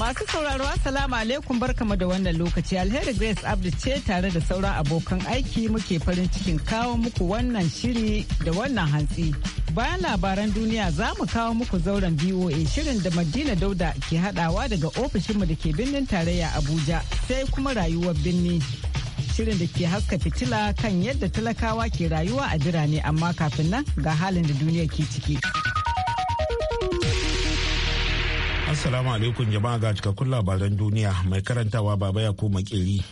Masu sauraro Assalamu alaikum barkamu da wannan lokaci alheri Grace Abdu ce tare da sauran abokan aiki muke farin cikin kawo muku wannan shiri da wannan hantsi. Bayan labaran duniya za mu kawo muku zauren BOA shirin da Madina Dauda ke hadawa daga ofishinmu da ke birnin tarayya Abuja sai kuma rayuwar birni. Shirin da ke haska fitila kan yadda talakawa ke rayuwa a birane amma kafin nan ga halin da duniya ke ciki. Assalamu alaikum jama'a ga cikakkun labaran duniya mai karantawa baba ya koma kiri.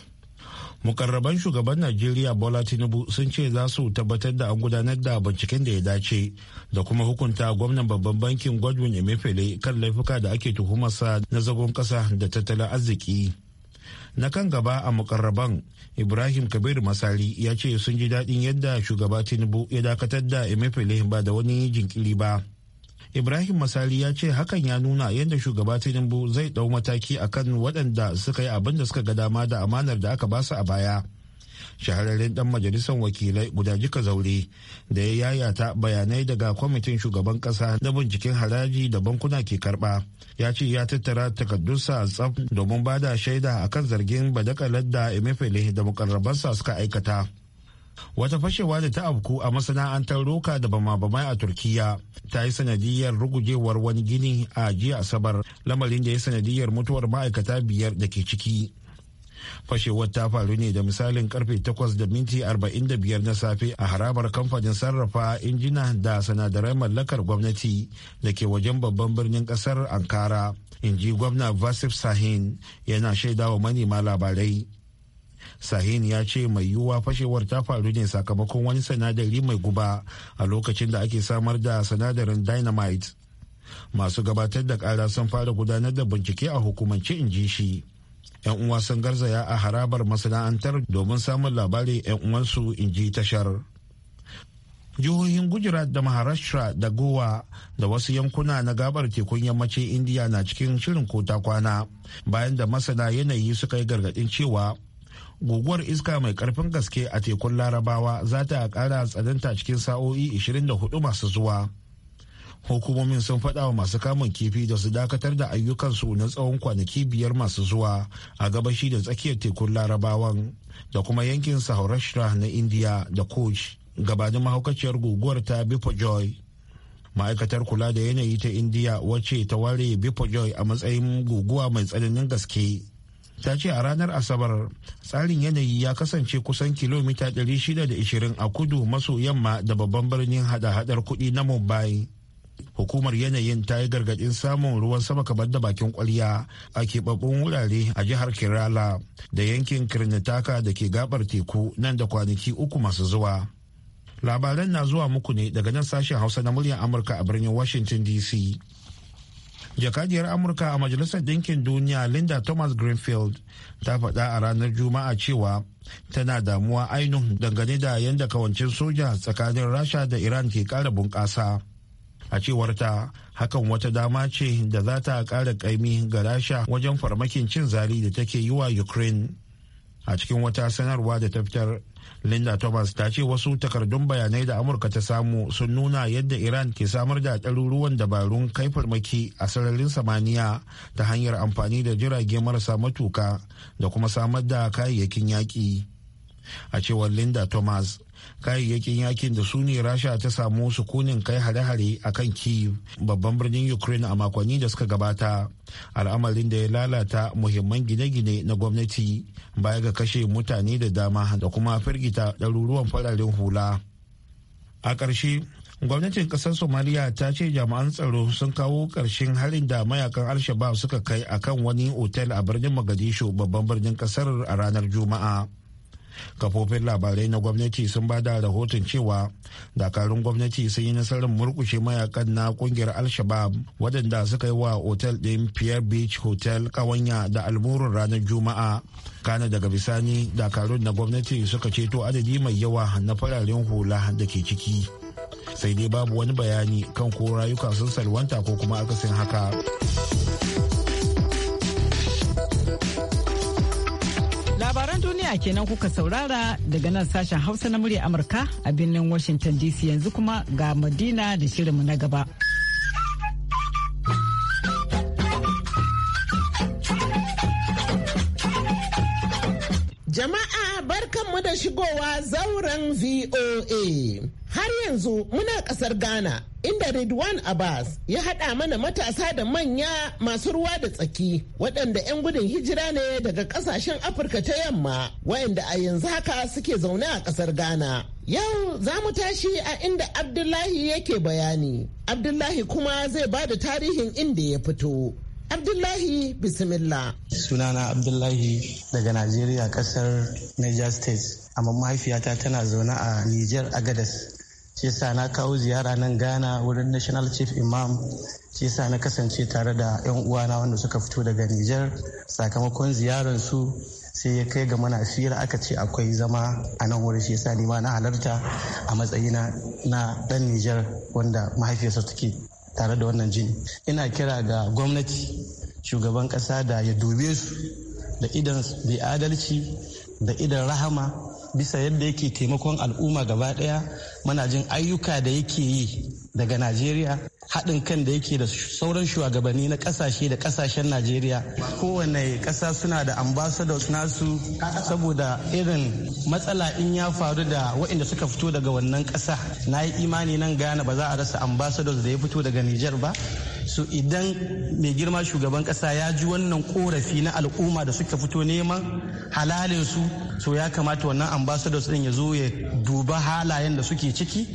Mukarraban shugaban Najeriya Bola Tinubu sun ce za su tabbatar da an gudanar da binciken da ya dace da kuma hukunta gwamnan babban bankin Godwin Emefiele kan laifuka da ake tuhumarsa na zagon kasa da tattalin arziki. Na kan gaba a mukarraban Ibrahim Kabir Masari ya ce sun ji daɗin yadda shugaba Tinubu ya dakatar da emefele ba da wani jinkiri ba. ibrahim masali ya ce hakan ya nuna yadda shugaba tinubu zai dau mataki akan waɗanda suka yi abin da suka ga dama da amanar da aka basu a baya shahararren dan majalisar wakilai guda jika zaure da ya yayata bayanai daga kwamitin shugaban kasa na binciken haraji da bankuna ke karba ya ce ya tattara takardunsa a tsaf domin bada da shaida akan zargin badakalar da emefele da mukarrabansa suka aikata wata fashewa da ta afku a masana'antar roka da bama-bamai a turkiya ta yi sanadiyar rugujewar wani gini a jiya asabar lamarin da ya sanadiyar mutuwar ma'aikata biyar da ke ciki fashewar ta faru ne da misalin karfe takwas da minti biyar na safe a harabar kamfanin sarrafa injina da sanadarai mallakar gwamnati da ke wajen babban birnin kasar ankara in ji gwamna vasif sahin yana shaidawa manema labarai sahin ya ce mai yiwuwa fashewar ta faru ne sakamakon wani sinadari mai guba a lokacin da ake samar da sinadarin dynamite masu gabatar da kara sun fara gudanar da bincike a hukumance in ji shi yan uwa sun garzaya a harabar masana'antar domin samun labarin yan uwansu in ji tashar jihohin gujarat da maharashtra da gowa da wasu yankuna na gabar tekun yammacin indiya na cikin shirin kota kwana bayan da masana yanayi suka yi gargadin cewa guguwar iska mai karfin gaske a tekun larabawa za ta kara tsananta cikin sa'o'i 24 masu zuwa hukumomin sun faɗa wa masu kamun kifi da su dakatar da ayyukansu na tsawon kwanaki biyar masu zuwa a gabashi da tsakiyar tekun larabawan da kuma yankin sahurashira na indiya da koch gabanin mahaukaciyar guguwar ta bipojoy ma'aikatar kula da yanayi ta indiya wacce ta ware bipojoy a matsayin guguwa mai tsananin gaske ta ce a ranar asabar tsarin yanayi ya kasance kusan kilomita 620 a kudu maso yamma da babban birnin hada-hadar kuɗi na mumbai hukumar yanayin ta yi gargadin samun ruwan sama kamar da bakin kwarya a keɓaɓɓun wurare a jihar kerala da yankin kirnitaka da ke gabar teku nan da kwanaki uku masu zuwa labaran na zuwa muku ne daga nan sashen hausa na muryar amurka a birnin washington dc jakadiyar amurka a majalisar Dinkin duniya linda thomas greenfield ta faɗa a ranar juma'a cewa tana damuwa ainihin dangane da yadda kawancin soja tsakanin rasha da iran ke ƙara bunƙasa a cewar ta hakan wata dama ce da za ta ƙara ƙaimi ga rasha wajen farmakin cin zali da take yi wa ukraine a cikin wata sanarwa da ta fitar linda thomas ta ce wasu takardun bayanai da amurka ta samu sun nuna yadda iran ke samar da ɗaruruwan dabarun kai farmaki a sararin samaniya ta hanyar amfani da jirage marasa matuka da kuma samar da kayayyakin yaƙi a cewar linda thomas kayayyakin yakin da su ne rasha ta samu sukunin kai hare-hare a kan kiev babban birnin ukraine a makonni da suka gabata al'amarin da ya lalata muhimman gine-gine na gwamnati baya ga kashe mutane da dama da kuma firgita ɗaruruwan fararen hula a ƙarshe gwamnatin ƙasar somaliya ta ce jami'an tsaro sun kawo ƙarshen harin da mayakan al-shabab suka kai akan wani otel a birnin magadishu babban birnin ƙasar a ranar juma'a kafofin labarai na gwamnati sun ba da rahoton cewa dakarun gwamnati sun yi nasarar murkushe mayakan na kungiyar al-shabab waɗanda suka yi wa otel ɗin pier beach hotel kawanya da almurin ranar juma'a kana daga bisani dakarun na gwamnati suka ceto adadi mai yawa na fararen hula da ke ciki sai dai babu wani bayani kan ko rayuka sun salwanta ko kuma akasin haka. labaran duniya kenan kuka saurara daga nan sashen hausa na murya amurka a birnin washington dc yanzu kuma ga madina da shirinmu na gaba jama'a barkanmu da shigowa zauren voa Har yanzu muna kasar Ghana inda Ridwan Abbas ya haɗa mana matasa da manya masu ruwa da tsaki waɗanda 'yan gudun hijira ne daga ƙasashen Afirka ta yamma waɗanda a yanzu haka suke zaune a ƙasar Ghana. Yau za mu tashi a inda Abdullahi yake bayani. Abdullahi kuma zai ba da tarihin inda ya fito. Abdullahi Bismillah. Sunana Abdullahi daga Najeriya ƙasar Niger State. amma mahaifiyata tana zaune a Niger Agadas shi na kawo ziyara nan ghana wurin national chief imam shi na kasance tare da 'yan uwana wanda suka fito daga nijar sakamakon ziyarar su sai ya kai ga mana fira aka ce akwai zama a nan wurin shi sa nima na halarta a matsayina na dan nijar wanda mahaifiyarsa take tare da wannan jini ina kira ga gwamnati shugaban kasa da ya dube su da idan bai adalci da idan rahama bisa yadda yake taimakon al'umma gaba daya muna jin ayyuka da yake yi daga najeriya haɗin kan da yake da sauran shugabanni na ƙasashe da ƙasashen najeriya kowane ƙasa suna da ambassadors nasu saboda irin matsala in ya faru da waɗanda suka fito daga wannan ƙasa na yi imani nan gane ba za a rasa ambassadors da ya fito daga nijar ba so idan mai girma shugaban kasa ya ji wannan korafi na al'umma da suka fito neman halalin su so ya kamata wannan ambassadors din ya zo ya duba halayen da suke ciki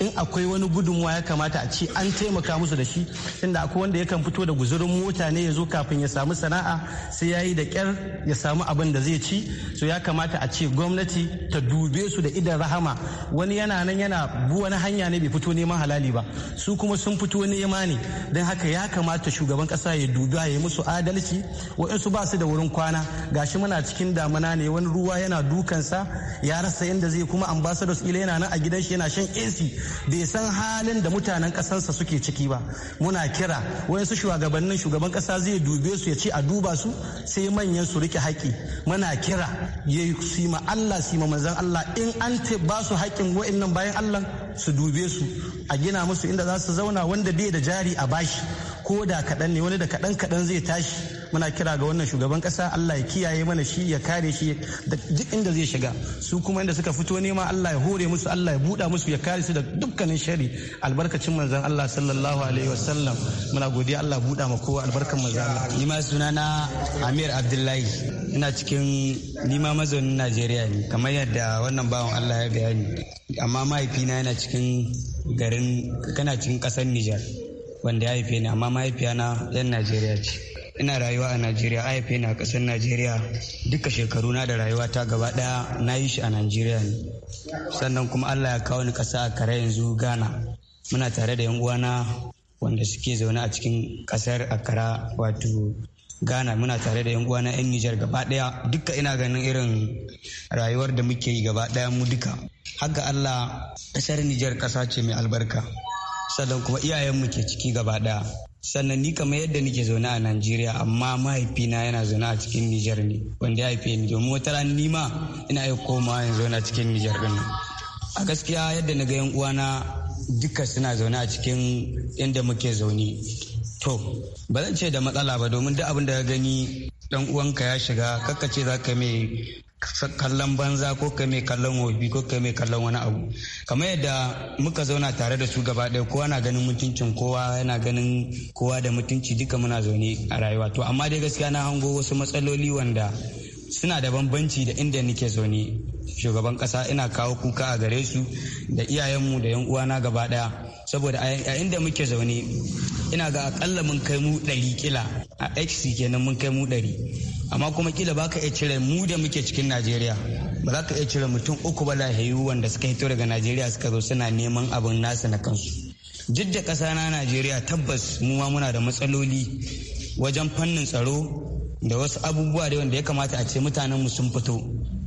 in akwai wani gudunmuwa ya kamata a ce an taimaka musu da shi inda akwai wanda yakan fito da guzurin mota ne ya zo kafin ya samu sana'a sai ya yi da kyar ya samu abin da zai ci so ya kamata a ce gwamnati ta dube su da idan rahama wani yana nan yana bu wani hanya ne bai fito neman halali ba su kuma sun fito nema ne don haka ya kamata shugaban kasa ya dubi ya musu adalci waɗansu ba su da wurin kwana gashi muna cikin damana ne wani ruwa yana dukansa ya rasa inda zai kuma ambassadors ila yana nan a gidan shi yana shan AC bai san halin da mutanen kasansa suke ciki ba muna kira wa'insu shugabannin shugaban kasa zai dube su ya ce a duba su sai manyan su rike haƙi muna kira ya yi ma Allah sima ma manzan Allah in an ba su haƙƙin nan bayan Allah su dube su a gina musu inda za su zauna wanda bai da jari a bashi ko da kaɗan ne wani da kaɗan kaɗan zai tashi muna kira ga wannan shugaban kasa Allah ya kiyaye mana shi ya kare shi da duk inda zai shiga su kuma inda suka fito nema Allah ya hore musu Allah ya buɗa musu ya kare su da dukkanin shari albarkacin manzon Allah sallallahu alaihi wasallam muna godiya Allah buɗa ma kowa albarkan manzon Allah ni ma sunana Amir Abdullahi ina cikin nima mazaunin Najeriya ne kamar yadda wannan bawan Allah ya bayani amma mahaifina yana cikin garin kana cikin kasar Nijar wanda ya haife ni amma mahaifiyana yan Najeriya ce ina rayuwa a najeriya haife na kasar najeriya duka shekaru na da rayuwa ta gaba daya na yi shi a najeriya ne sannan kuma allah ya kawo ni kasa a kare yanzu ghana muna tare da yan uwana wanda suke zaune a cikin kasar akara wato ghana muna tare da yan uwana yan nijar gaba daya duka ina ganin irin rayuwar da muke yi gaba daya mu duka haka allah kasar nijar kasa ce mai albarka sannan kuma iyayenmu ke ciki gaba daya sannan ni kamar yadda nake zaune a Najeriya amma mahaifina yana zaune a cikin Nijar ne wanda ya haife ni domin wata rana nima ina iya komawa zaune a cikin Nijar din a gaskiya yadda na ga yan uwana duka suna zaune a cikin inda muke zaune to ba zan ce da matsala ba domin duk abin da ka gani dan uwanka ya shiga kakkace ce za ka mai kallon banza ko kai mai kallon wofi ko kai mai kallon wani abu kamar yadda muka zauna tare da su gaba ɗaya kowa na ganin mutuncin kowa yana ganin kowa da mutunci duka muna zaune a rayuwa to amma dai gaskiya na hango wasu matsaloli wanda suna da bambanci da inda nake zaune shugaban kasa ina kawo kuka a gare su da iyayenmu da yan uwana gaba ɗaya saboda a inda muke zaune ina ga akalla mun kai mu ɗari kila a xc kenan mun kai mu ɗari amma kuma kila ka iya cire mu da muke cikin najeriya ba za ka iya cire mutum uku ba lahayu wanda suka hito daga najeriya suka zo suna neman abin nasu na kansu duk da ƙasa na najeriya tabbas mu ma muna da matsaloli wajen fannin tsaro da wasu abubuwa da wanda ya kamata a ce mutanen mu sun fito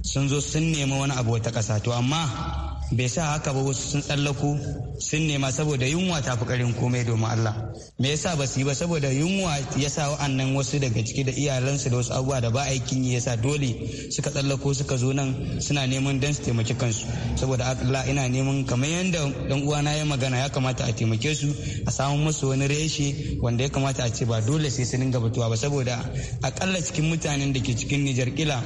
sun zo sun nemi wani abu wata ƙasa to amma bai sa haka ba wasu sun tsallako sun nema saboda yunwa ta fi karin komai domin Allah me yasa ba su yi ba saboda yunwa ya sa wa'annan wasu daga ciki da iyalansu da wasu abubuwa da ba aikin yi yasa dole suka tsallako suka zo nan suna neman dan su taimaki kansu saboda Allah ina neman kamar yadda dan uwana ya magana ya kamata a taimake su a samu musu wani reshe wanda ya kamata a ce ba dole sai su dinga batuwa ba saboda akalla cikin mutanen da ke cikin Nijar kila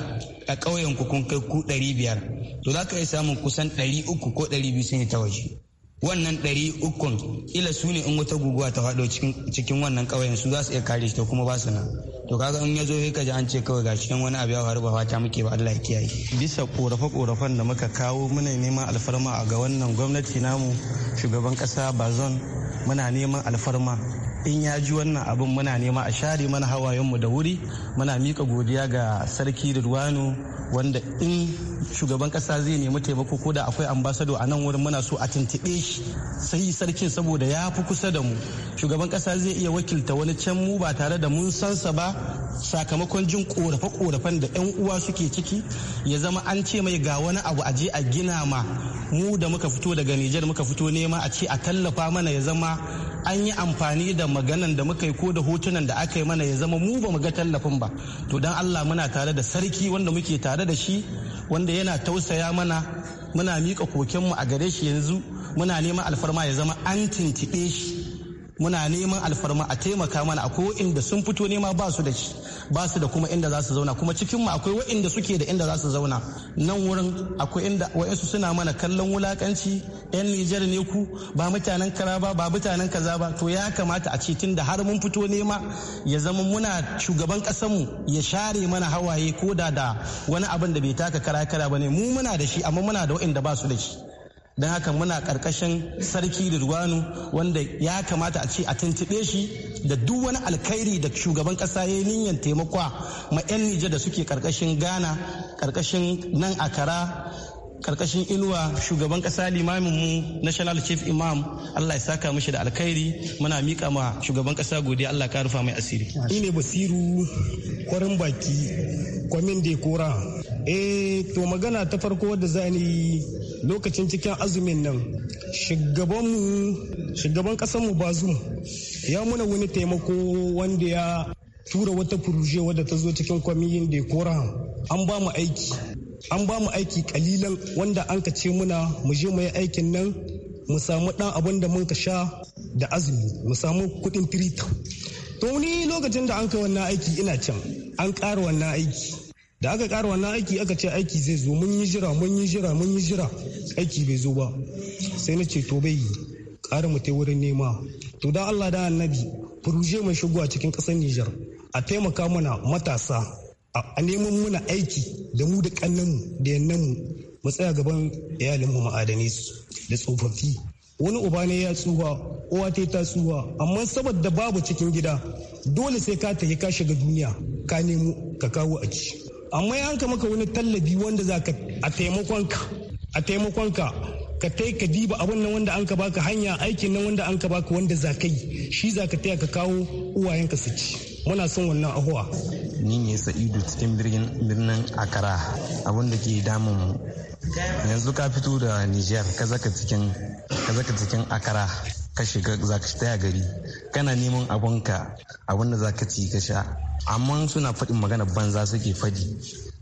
a ƙauyen ku kun kai ku 500 to za ka iya samun kusan 300 uku ko ɗari biyu sun yi ta waje wannan ɗari ukun ila su ne in wata guguwa ta faɗo cikin wannan ƙauyen su za su iya kare shi kuma ba su nan to kaga in ya zo sai ka ji an ce kawai ga cikin wani abu ya faru ba fata muke ba Allah ya kiyaye bisa korafe korafen da muka kawo muna neman alfarma a ga wannan gwamnati namu shugaban kasa bazon muna neman alfarma in ya ji wannan abin muna nema a share mana hawayen mu da wuri muna mika godiya ga sarki Ridwanu wanda in shugaban kasa zai nemi taimako ko da akwai ambasado a nan wurin muna so a tuntuɓe shi sai sarkin saboda ya fi kusa da mu shugaban kasa zai iya wakilta wani can mu ba tare da mun sansa ba sakamakon jin korafe-korafen da 'yan uwa suke ciki ya zama an ce mai ga wani abu a je a gina ma mu da muka fito daga Nijar muka fito nema a ce a tallafa mana ya zama an yi amfani da maganan da muka yi ko da hotunan da aka yi mana ya zama mu ba mu ga tallafin ba to dan Allah muna tare da sarki wanda muke tare da shi wanda yana tausaya mana muna miƙa kokenmu a gare shi yanzu muna neman alfarma ya zama an tintibe shi muna neman alfarma a taimaka mana akwai inda sun fito nema ba su da shi ba su da kuma inda za su zauna kuma cikin mu akwai wa'inda suke da inda za su zauna nan wurin akwai inda wa'insu suna mana kallon wulakanci yan Nijar ne ku ba mutanen kara ba ba mutanen kaza ba to ya kamata a ce tunda har mun fito nema ya zama muna shugaban kasar mu ya share mana hawaye ko da da wani abin da bai taka kara kara ne mu muna da shi amma muna da wa'inda ba su da shi don haka muna karkashin sarki Rirwanu wanda ya kamata a ce a tuntube shi da duk wani alkhairi da shugaban kasa ya yi niyyar taimakwa ma 'yan Nijar da suke karkashin Ghana karkashin nan Akara karkashin inuwa shugaban kasa limamin mu national chief imam Allah ya saka mishi da alkhairi muna mika ma shugaban kasa godiya Allah ka rufa mai asiri ine basiru kwarin baki kwamin dekora eh to magana ta farko wadda za ni lokacin cikin azumin nan shugaban mu bazum ya muna wani taimako wanda ya tura wata furuje wadda ta zo cikin kwamiyin da ya an ba mu aiki an ba mu aiki kalilan wanda an ka ce muna mu je mu yi aikin nan mu samu dan abin da mun ka sha da azumi mu samu kudin tirita to ni lokacin da an kai wannan aiki ina can an ƙara wannan aiki da aka kara wannan aiki aka ce aiki zai zo mun yi jira mun yi jira mun yi jira aiki bai zo ba sai na ce to bai yi kara mu tai wurin nema to da Allah da annabi furuje mai shigo a cikin ƙasar Nijar a taimaka mana matasa a neman muna aiki da mu da kannanmu da yannanmu mu tsaya gaban iyalinmu ma'adane su da tsofaffi wani uba ne ya tsuwa uwa ta ta tsuwa amma saboda babu cikin gida dole sai ka tafi ka shiga duniya ka nemo ka kawo a ci amma ya hanka maka wani tallafi wanda za ka a taimakonka a taimakonka ka tai ka diba abin nan wanda an ka baka hanya aikin nan wanda an ka baka wanda za ka yi shi za ka taya ka kawo uwayenka su ci muna son wannan ahuwa ni ne sa'idu cikin birnin akara abin da ke damun yanzu ka fito da niger ka zaka cikin akara ka shiga za ka taya gari kana neman abunka abun da za ka ci ka sha amma suna faɗin magana banza suke faɗi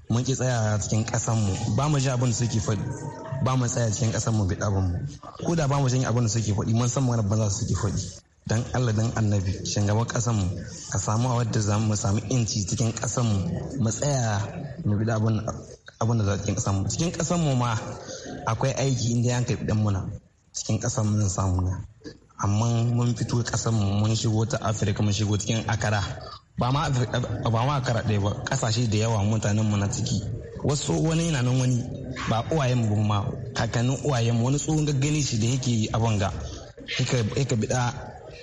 mun ki tsaya cikin ƙasanmu ba mu ji abin da suke faɗi ba mu tsaya cikin ƙasanmu bi ɗabin mu ko da ba mu jin abin da suke faɗi mun san magana banza suke faɗi dan Allah dan annabi shugaban kasan mu a samu a wadda za mu samu inci cikin ƙasanmu mu mu tsaya mu bi abin abin da za cikin ƙasanmu mu cikin ƙasanmu mu ma akwai aiki inda yanka ɗan muna cikin ƙasan mu na samu na amma mun fito kasan mun shigo ta afirka mun shigo cikin akara ba ma akara ɗaya ba kasashe da yawa mutanen mu na ciki wasu wani na nan wani ba uwayen mu ma kakannin uwayen mu wani tsohon gaggani shi da yake abin ga yaka bida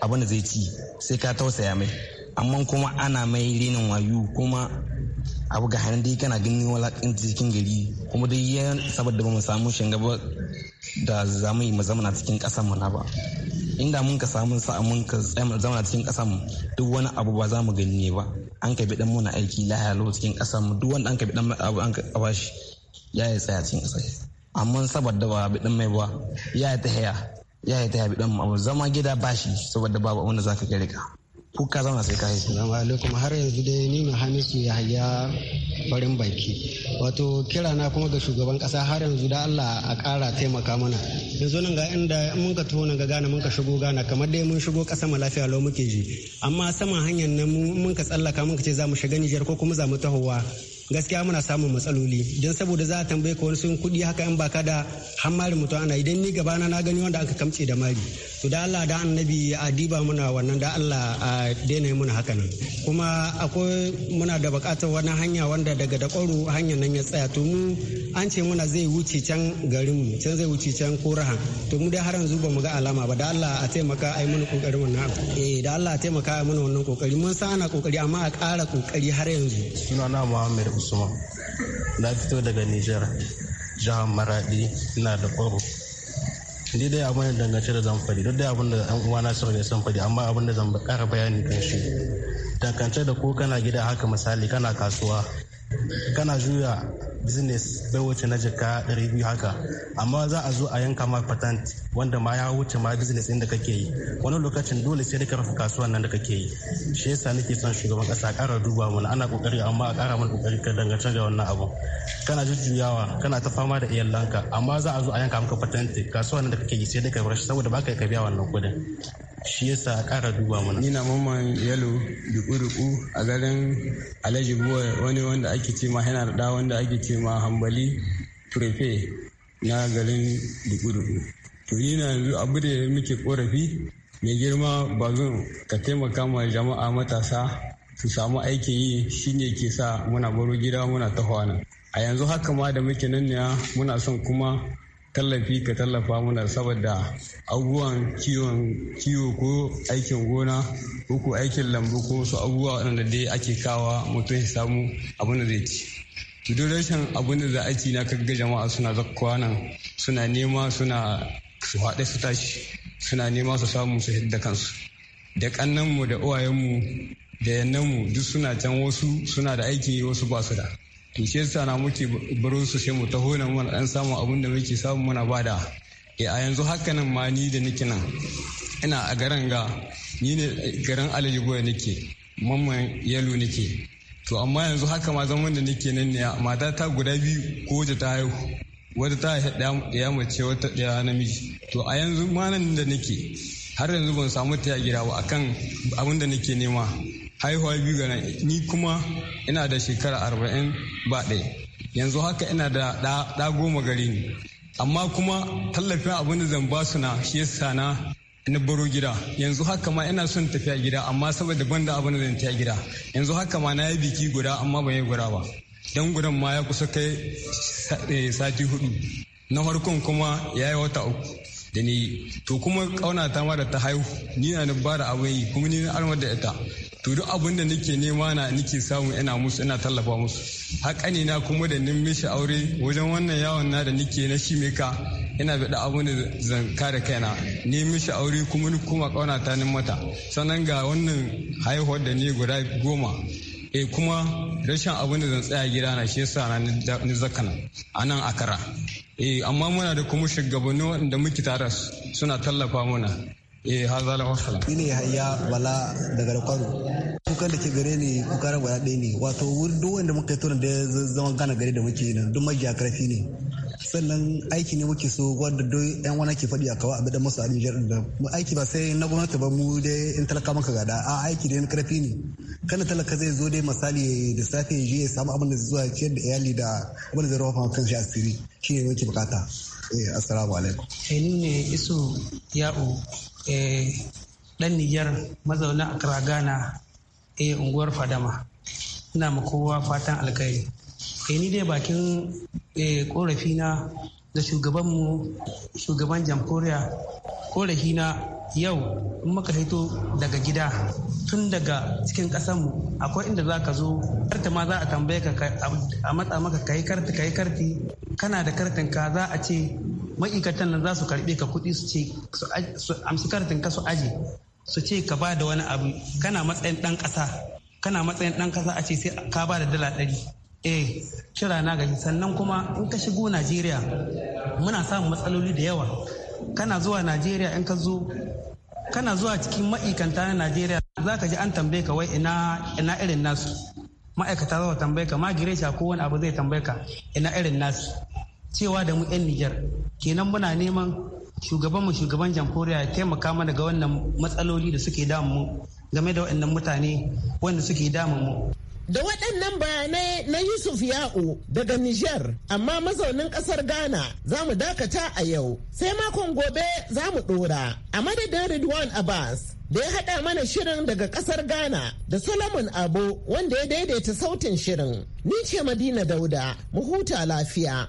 abin da zai ci sai ka tausaya mai amma kuma ana mai renin wayu kuma abu ga hannun dai kana ganin walakin cikin gari kuma da ya saboda ba mu samu shingaba da zamu yi mu zamana cikin ƙasar mu na ba inda mun ka samu sa'a mun ka zama cikin ƙasar mu duk wani abu ba za mu gani ne ba an ka bi muna aiki lahiya lau cikin ƙasar mu duk wanda an ka bi abu an ka bashi ya yi tsaya cikin ƙasar amma saboda ba bidan mai ba ya yi ta ya yi ta bidan bi mu abu zama gida bashi saboda babu wanda zaka gari ka Kuka zama sai ka yi salamu alaikum har yanzu dai ni na hamisu ya hayya farin baki wato kira na kuma ga shugaban kasa har yanzu da Allah a kara taimaka mana yanzu nan ga inda mun ka taho ga gana mun ka shigo gana kamar dai mun shigo kasa ma lafiya lau muke ji amma saman hanyar nan mun ka tsallaka mun ka ce za mu shiga nijiyar ko kuma za mu tahowa gaskiya muna samun matsaloli don saboda za a tambaye ka wani sun kuɗi haka in baka da hammarin mutum ana idan ni gaba na gani wanda aka kamce da mari to da Allah da annabi a diba muna wannan da Allah a daina muna haka nan kuma akwai muna da bukatar wani hanya wanda daga da kwaro hanyar nan ya tsaya to mu an ce muna zai wuce can garin mu can zai wuce can korahan to mu dai har yanzu ba mu ga alama ba da Allah a taimaka ai mana kokarin wannan abu eh da Allah a taimaka ai mana wannan kokari mun sa ana kokari amma a ƙara kokari har yanzu sunana Muhammad usman na fito daga niger jihar maradi ina da kwaro ni dai abin da dangance da zan faɗi duk dai abin da ɗan uwana sun ne san faɗi amma abin da zan ƙara bayani kan shi dangance da ko kana gida haka misali kana kasuwa kana juya business bai wuce na jika 200 haka amma za a zo a yanka ma patent wanda ma ya wuce ma business din da kake yi wani lokacin dole sai ka rufe kasuwan nan da kake yi shi yasa nake son shugaban kasa kara duba mana ana kokari amma a kara mana kokari ka dangance da wannan abu kana jujjuyawa kana ta fama da iyalanka amma za a zo a yanka maka patent kasuwan nan da kake yi sai dai ka bar shi saboda baka ka biya wannan kudin shi yasa kara ƙara duba mana ni na mamman yalo duku-duku a garin alhaji buwa wani wanda ake ce ma yana da wanda ake ce ma hambali turefe na garin duku-duku to ni na yanzu abu da muke korafi mai girma ba zan ka taimaka ma jama'a matasa su samu aikin yi shine ke sa muna baro gida muna ta a yanzu haka ma da muke nan ne muna son kuma tallafi ka tallafa muna saboda abubuwan kiwo ko aikin gona ko aikin lambu ko su abubuwa waɗanda dai ake kawa mutum ya samu abin da zai ci to duk rashin abin da za a ci na kaga jama'a suna zakkowa nan suna nema suna su haɗe su tashi suna nema su samu su hidda kansu da kannanmu da uwayenmu da yannanmu duk suna can wasu suna da aiki wasu ba su da to shi yasa na muke barin su sai mu taho nan mana dan samu abin da muke samu muna bada eh a yanzu haka nan ma ni da nake nan ina a garin ga ni ne garin alaji Boye nake mamman yalo nake to amma yanzu haka ma zaman da nake nan ne mata ta guda biyu ko wata ta haihu wata ta haihu ya mace wata ɗaya namiji to a yanzu ma nan da nake har yanzu ban samu ta gida ba akan abin da nake nema haihuwa biyu ga ni kuma ina da shekara arba'in ba ɗaya yanzu haka ina da ɗa goma gari ne amma kuma tallafin abin da zan ba su na shi yasa na na baro gida yanzu haka ma ina son tafiya gida amma saboda ban da abin da zan tafiya gida yanzu haka ma na yi biki guda amma ban yi guda ba dan gudan ma ya kusa kai eh, sati hudu na farkon kuma ya yi wata uku da ni to kuma kauna ta ma da ta haihu ni na ba da abin yi kuma ni na armar da ita to duk abin da nake nema na nake samu ina musu ina tallafa musu haka ne na kuma da nin mishi aure wajen wannan yawon na da nake na shi meka ina bada abin da zan kare kaina ni mishi aure kuma ni kuma kauna ta nin mata sannan ga wannan haihuwar da ni guda goma e kuma rashin abin da zan tsaya gida na shi yasa na ni zakana anan akara eh amma muna da kuma shugabanni waɗanda muke tara suna tallafa mana eh hazala wasala ni ne hayya wala daga kwaro kukan da ke gare ni kukaran gwada ɗaya ne wato wurin duk wanda muka yi tunan da zama gana gare da muke yi nan duk magiya karfi ne sannan aiki ne muke so wanda duk yan wani ke faɗi a kawo abin da masu a jirgin da mu aiki ba sai na gwamnati ba mu da in talaka maka gada a aiki na karfi ne kana talaka zai zo dai misali da safe ya je ya samu abin da zuwa ciyar da iyali da abin da zai rufa kan shi asiri shi ne muke bukata eh assalamu alaikum eh ni ne isu ya'u eh dan Nijar mazauna a kragana eh unguwar Fadama ina ma kowa fatan alkhairi Eh, ni dai bakin eh, korafi na da shugabanmu shugaban jamhuriya korafi na yau in muka hito daga gida tun daga cikin ƙasanmu akwai inda za ka zo karta ma za a tambaye ka a matsa maka kayi karti kayi karti kana da kartin ka za a ce ma'aikatan nan za su karbe ka kuɗi su ce su amsi kartin ka su aje su ce ka ba da wani abu kana matsayin ɗan ƙasa kana matsayin ɗan ƙasa a ce sai ka ba da dala ɗari eh kira na gani sannan kuma in ka shigo najeriya muna samun matsaloli da yawa kana zuwa najeriya in ka zo kana zuwa cikin ma'aikanta na najeriya za ka ji an tambaye ka wai ina irin nasu ma'aikata za tambaye ka magiresha ko wani abu zai tambaye ka ina irin nasu cewa da mu 'yan nijar kenan muna neman shugaban mu shugaban jamhuriya ya taimaka mana ga wannan matsaloli da suke damu game da waɗannan mutane wanda suke damu mu Da waɗannan bayanai na Yusuf Ya'u daga Nijar, amma mazaunin ƙasar Ghana za mu dakata a yau. Sai makon gobe za mu ɗora. A madadin Ridwan Abbas da ya haɗa mana shirin daga ƙasar Ghana da Solomon abu wanda ya daidaita sautin shirin. Ni ce Madina Dauda, mu huta lafiya.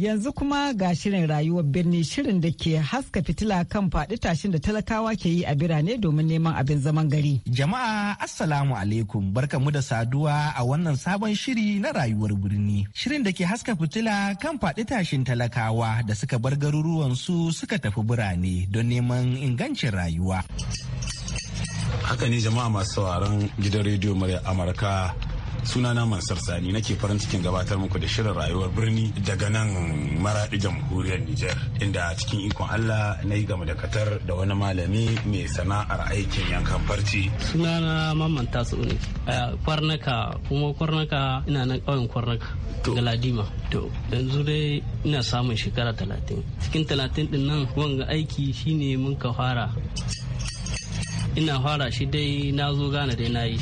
Yanzu kuma ga shirin rayuwar birni shirin da ke haska fitila kan faɗi tashin da talakawa ke yi a birane domin neman abin zaman gari. Jama'a Assalamu alaikum barkamu da saduwa a wannan sabon shiri na rayuwar birni. Shirin da ke haska fitila kan faɗi tashin talakawa da suka bar garuruwansu suka tafi birane don neman ingancin rayuwa. Haka ne jama'a masu sauraron gidan rediyo murya Amurka sunana mansar sani nake farin cikin gabatar muku da shirin rayuwar birni daga nan maraɗi jamhuriyar nijar inda cikin ikon allah na yi gama da da wani malami mai sana'ar aikin yankan farci sunana mamman su ne kwarnaka kuma kwarnaka ina nan ƙauyen kwarnaka galadima to yanzu dai ina samun shekara talatin cikin talatin din nan wanga aiki shine mun ka fara ina fara shi dai na zo gane dai na yi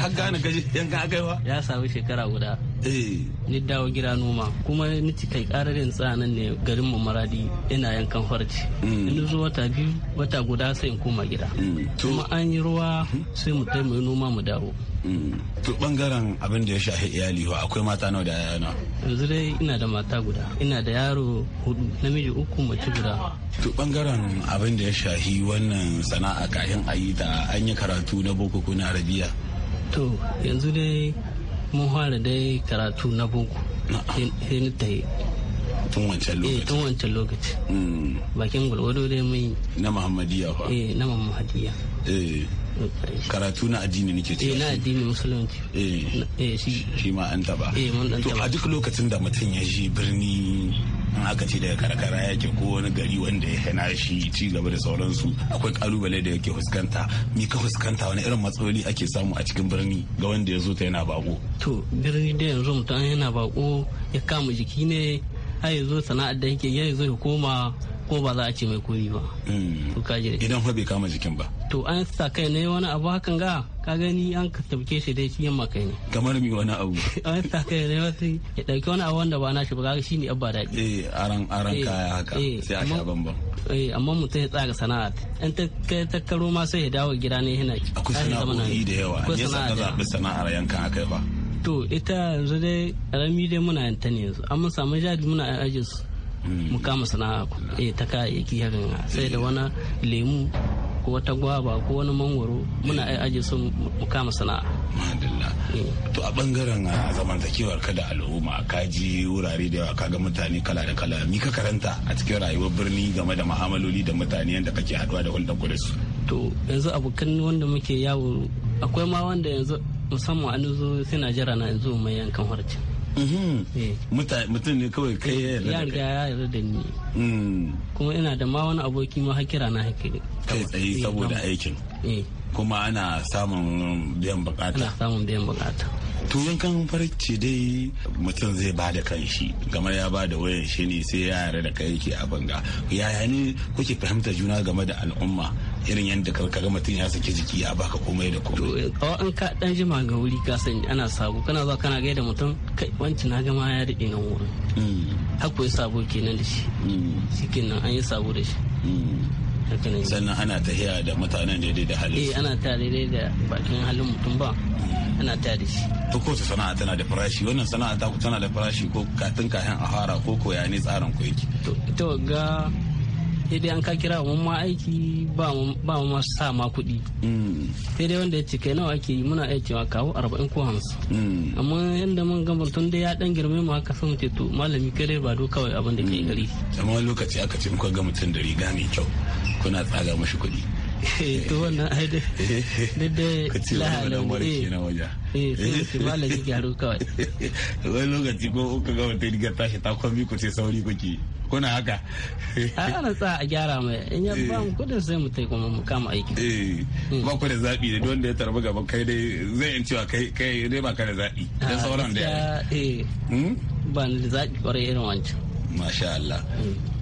har gane gaji aka yi wa ya samu shekara guda Eh. ni dawo gida noma kuma ni ci kai kararin tsanan ne garin mu maradi ina yankan farci mm. in zo wata biyu wata guda sai in koma gida mm. kuma an yi ruwa hmm? sai mu taimaka noma mu dawo mm. to bangaren abin da ya shafi iyali wa akwai mata nawa da yana yanzu dai ina da mata guda ina da yaro hudu namiji uku mace guda to bangaren abin da ya shafi wannan sana'a kayan ayi ta an yi karatu na boko ko na arabiya to yanzu dai mun fara dai karatu na boko sai ni tun wancan lokaci eh, tun wancan lokaci mm. bakin gwalgwado dai mai na muhammadiyya fa eh na muhammadiyya eh karatu na addini nake cewa eh, na addini musulunci eh, eh shi ma an taba eh mun dan taba to a duk lokacin da mutum ya je birni in aka ce daga karkara yake ko wani gari wanda ya hana shi ci gaba da sauransu akwai kalubale da yake fuskanta mi ka fuskanta wani irin matsaloli ake samu a cikin birni ga wanda ya zo ta yana bako to birni da yanzu mutum yana bako ya kama jiki ne har ya zo sana'ar da yake ya zo ya koma ko ba za a ce mai kori ba hmm. idan fa bai kama jikin ba to an sa kai ne wani abu hakan ga ka gani an ka tabke shi dai cikin makai ne kamar mi wani abu an sa kai ne wasu ya ɗauki wani abu wanda ba na shi ba kaga shine abba daɗi eh aran aran eh, kaya haka eh, sai a sha bamban eh amma mutum ya tsaga sana'a in ta kai ta karo ma sai ya dawo gida ne yana akwai sana'o'i da yawa ne sa ka zaɓi sana'ar yankan akai ba to ita yanzu dai ƙarami dai muna yanta ne yanzu amma samu jadi muna yan ajinsu mu kama sana'a eh, ta kayayyaki hakan sai da wani lemu ko wata gwaba ko wani mangwaro muna ai aje su mu kama sana'a eh. to a bangaren ah, zamantakewar ka da al'umma ka ji wurare da yawa ka ga mutane kala da kala mi ka karanta a cikin rayuwar birni game da mu'amaloli da mutane yadda kake haduwa da wanda ku da su to yanzu abokan wanda muke yawo akwai ma wanda yanzu musamman an zo suna jira na yanzu mai yankan harcin Mhm. Eh. mutum ne kawai kai ya yarda ya ya yarda da ni mm. kuma ina da ma wani aboki ma hakira na hakiri kai tsaye eh, saboda aikin eh. kuma ana samun biyan bukata ana samun biyan bukata to yankan farce dai mutum zai ba da kanshi game ya ba da wayan shi ne sai ya yare da kai a banga yaya ne kuke fahimtar juna game da al'umma irin yadda karkara mutum ya saki jiki a baka komai da komai to eh, an ka dan jima ga wuri ka san ana sabo kana zuwa kana gaida mutum kai wancan na gama ya daɗe nan wurin hmm. hakko ya sabo kenan da hmm. shi kenan an yi sabo da shi hmm. sannan ana tahiya da mutanen daidai da halin eh ana ta daidai da bakin halin mutum ba ana ta da shi to ko ta sana'a tana da farashi wannan sana'a ta tana da farashi ko katin kayan a hara ko ko ya ne tsarin ku yake to ita ga idan an ka kira mun ma aiki ba mu ma sa ma kuɗi mm. sai dai wanda ya ce kai nawa ake yi muna aiki wa kawo 40 ko 50 mm. amma yanda mun gama tun dai ya dan girme mu aka san ce to malami kare ba do kawai abin da ke gari mm. amma lokaci aka ce muka ga mutum da riga mai kyau kuna tsaga mashi kuɗi eh, to wannan ai da da gyaro kawai wani lokaci ko uku ga wata rigar tashi ta kwambi ku ce sauri kuke kuna haka a ana sa a gyara mai in ya ba mu eh. kudin sai mu tai kuma mu kama aiki eh, hmm. ba ku da zabi da wanda ya tarbi gaban kai dai zai in cewa kai kai dai ba ka da zabi da ah, sauran da ya hmm? ba ni da zabi kwarai irin wancan masha Allah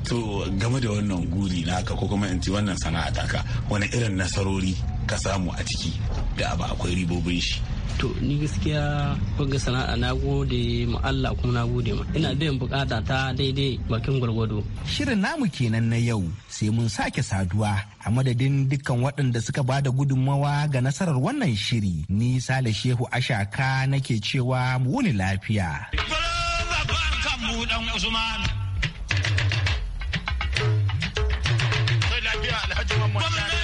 to game da wannan guri naka ko kuma in ci wannan sana'a ka wani irin nasarori ka samu a ciki da abu akwai ribobin shi to ni gaskiya wanga sana'a na gode ma Allah kuma na gode ma ina biyan bukata ta daidai bakin gwargwado shirin namu kenan na yau sai mun sake saduwa a madadin dukkan waɗanda suka ba da gudunmawa ga nasarar wannan shiri ni sale shehu ashaka nake cewa mu wuni lafiya Usman. I'm a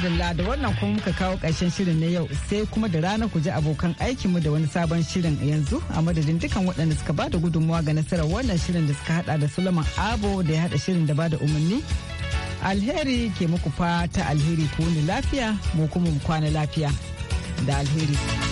madalla da wannan kuma muka kawo ƙarshen shirin na yau sai kuma da rana ku ji abokan aikinmu da wani sabon shirin yanzu a madadin dukan waɗanda suka bada gudunmawa ga nasarar wannan shirin da suka hada da Suleiman Abo da ya hada shirin da ba da umarni. Alheri ke muku fata alheri ku ni lafiya mu kuma mu kwana lafiya da alheri.